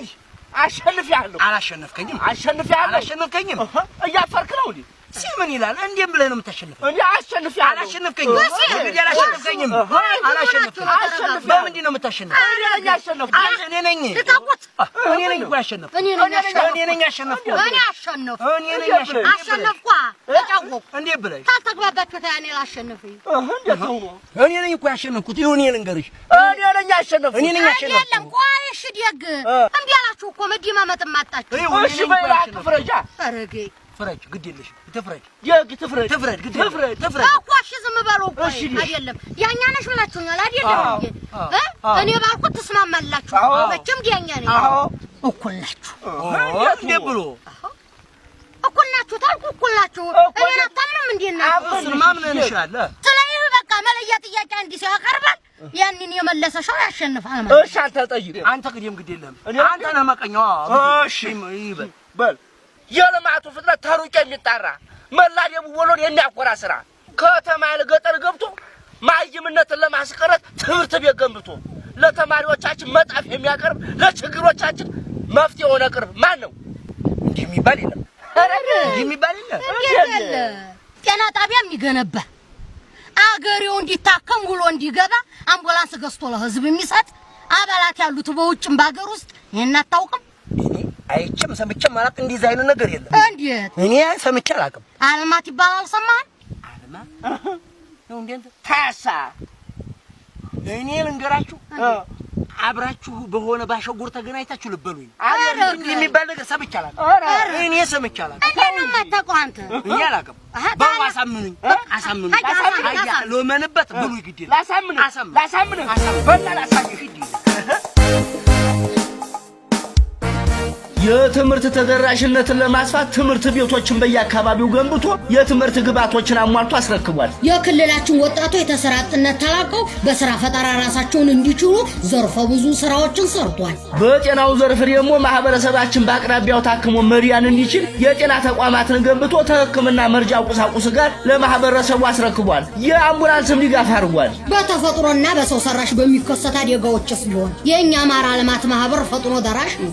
እንግዲህ አሸንፍ ያለሁ። አላሸነፍከኝም። አሸንፍ ያለሁ። አላሸነፍከኝም። እያፈርክ ነው እንዴ? ሲምን ይላል። እንዴም ብለህ ነው የምታሸንፈው? እንዴ አሸንፍ ያለው አላሸንፍከኝም። እንግዲህ አላሸንፍከኝም። አላሸንፍከኝም። በምንድን ነው የምታሸንፈው? እኔ ነኝ እኔ ነኝ እኔ ነኝ ያሸነፍኩ። እኔ እኔ ነኝ እንዴ እኔ ነኝ እኮ ያሸነፍኩት። ይሁን እኔ ልንገርሽ፣ እኔ ነኝ ያሸነፍኩት። እኔ ነኝ ያሸነፍኩት። ቆይ፣ እሺ ደግ እምቢ አላችሁ እኮ መደማመጥም አጣችሁ። እሺ በላ ፍረጃ አረጌ ፍረጅ፣ ግድ የለሽም ትፍረጅ። የግ ትፍረጅ ትፍረጅ ግድ ትፍረጅ ትፍረጅ እኮ እሺ፣ ዝም በለው እኮ አይደለም። ያኛ ነሽ ብላችሁኛል አይደለም እንዴ? እኔ ባልኩት ትስማማላችሁ። መቼም ያኛ ነኝ። አዎ፣ እኩል ናችሁ። እንዴ ብሎ እኩል ናችሁ ታልኩ፣ እኩል ናችሁ። እኔ አታምንም እንዴ? እና አብሱን ማምን ስለዚህ በቃ መለያ ጥያቄ እንዲህ ሰው ያቀርባል። ያንን የመለሰ ሰው ያሸንፋል ማለት። እሺ፣ አንተ ጠይቅ። አንተ ግዴም ግድ የለም። አንተ ነህ መቀኛው። እሺ፣ ይበል በል የልማቱ ፍጥነት ተሩቅ የሚጣራ መላ ደቡብ የሚያኮራ ስራ ከተማ ለገጠር ገብቶ ማይምነትን ለማስቀረት ትምህርት ቤት ገንብቶ ለተማሪዎቻችን መጣፍ የሚያቀርብ ለችግሮቻችን መፍትሄ የሆነ ቅርብ ማን ነው? እንዲህ የሚባል የለም። እንዲህ የሚባል የለም። ጤና ጣቢያ የሚገነባ አገሬው እንዲታከም ውሎ እንዲገባ አምቡላንስ ገዝቶ ለህዝብ የሚሰጥ አባላት ያሉት በውጭም በሀገር ውስጥ ይህን አታውቅም። አይቼም ሰምቼም አላውቅም። እንዲህ አይነት ነገር የለም። እንዴት እኔ ሰምቼ አላውቅም። አልማት ይባላል። ሰማን አልማ ነው እንዴ? ታሳ እኔ ልንገራችሁ፣ አብራችሁ በሆነ ባሸጎር ተገናኝታችሁ ልበሉኝ የሚባል ነገር ሰምቼ አላውቅም። እኔ ሰምቼ አላውቅም። እኔ ነው የማታውቀው አንተ። እኔ አላውቅም። በሉ አሳምኑኝ፣ አሳምኑኝ። ሎመንበት ብሉኝ፣ ግድ የለም። ላሳምን፣ ላሳምን፣ ላሳምን፣ በላ ላሳምን፣ ግድ የለም የትምህርት ተደራሽነትን ለማስፋት ትምህርት ቤቶችን በየአካባቢው ገንብቶ የትምህርት ግብዓቶችን አሟልቶ አስረክቧል። የክልላችን ወጣቶች የተስራ አጥነት ተላቀው በስራ ፈጠራ ራሳቸውን እንዲችሉ ዘርፈ ብዙ ስራዎችን ሰርቷል። በጤናው ዘርፍ ደግሞ ማህበረሰባችን በአቅራቢያው ታክሞ መሪያን እንዲችል የጤና ተቋማትን ገንብቶ ከሕክምና መርጃ ቁሳቁስ ጋር ለማህበረሰቡ አስረክቧል። የአምቡላንስም ድጋፍ አድርጓል። በተፈጥሮና በሰው ሰራሽ በሚከሰት አደጋዎችስ ቢሆን የእኛ አማራ ልማት ማህበር ፈጥኖ ደራሽ ነው።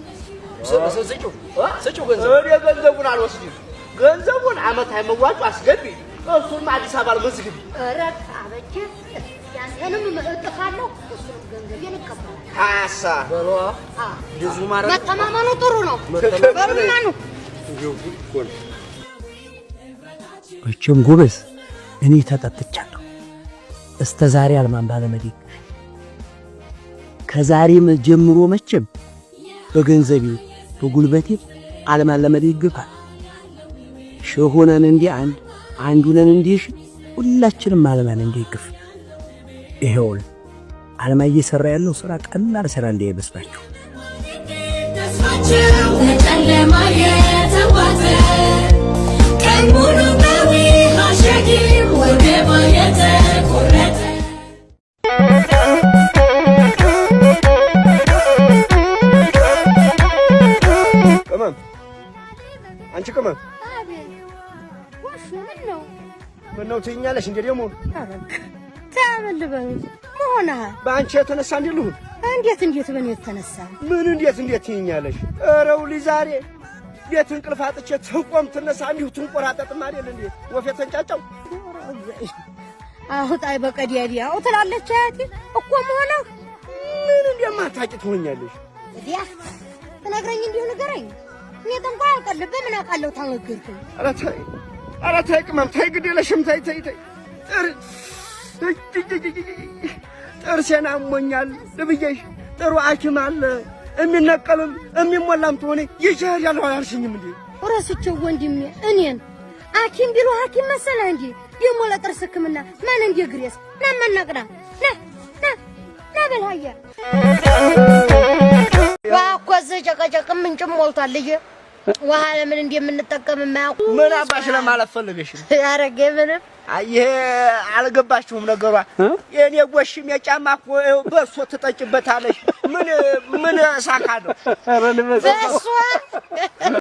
ስጭው ስጭው ገንዘብ እኔ ገንዘቡን አልወስድም። ገንዘቡን አመት መዋጮ አስገቢ፣ እሱም አዲስ አበባ መዝግቢ። ረቃበቼ ያንተንም መተማመኑ ጥሩ ነው። እችም ጉብስ እኔ ተጠጥቻለሁ። እስተ ዛሬ አልማን ባለመዴ ከዛሬም ጀምሮ መቼም በገንዘቤ በጉልበቴ ዓለማን ለመደገፍ ይገፋል። ሺህ ሆነን እንዲህ አንድ አንዱነን እንዲሽ ሁላችንም ዓለማን እንዲግፍ ይሄውል ዓለማ እየሰራ ያለው ስራ ቀላል ስራ እንዳይመስላችሁ። ተስፋቸው ለጨለማ የተዋዘ ቀን ሙሉ ቅመም አንቺ ቅመም ምን ነው ትይኛለሽ? እንደ ደግሞ ታበልበኝ መሆንሃል። በአንቺ የተነሳ እንዴት ልሁን? እንዴት እንዴት በእኔ የተነሳ ምን እንዴት እንዴት ትይኛለሽ? እረው ሊዛሬ ቤት እንቅልፍ አጥቼ ትቆም ትነሳ እንዲሁ ትንቆራጠጥም አይደል እንዴ? ተንጫጫው አሁን አሁጣይ በቀዲያዲ አው ትላለች አያቴ እኮ መሆነ ምን እንደማታውቂ ትሆኛለሽ። እዲያ ትነግረኝ እንዲሁ ንገረኝ። እኔ ጠንቋ አውቃለሁ? ኧረ ተይ ቅመም፣ ተይ፣ ግድ የለሽም ተይ፣ ተይ፣ ተይ። ጥርሴን አሞኛል ልብዬሽ፣ ጥሩ ሐኪም አለ የሚነቀልም የሚሞላም ትሆኔ ይሻል ያለው አላልሽኝም እንዴ? ወንድሜ እኔን ቢሉ ሐኪም መሰለህ እንዴ? ሕክምና ማን ግሬስ ና ና ና ና በልሃያ ጉንጭም ሞልቷል። ልጄ ውሃ ለምን እንደምንጠቀም የማያውቁ ምን አባሽ ለማለት ፈልገሽ ነው? ኧረ ምንም ይሄ አልገባችሁም ነገሯ። የኔ ጎሽም የጫማ እኮ በእሱ ትጠጭበታለሽ። ምን ምን ሳካ ነው በእሱ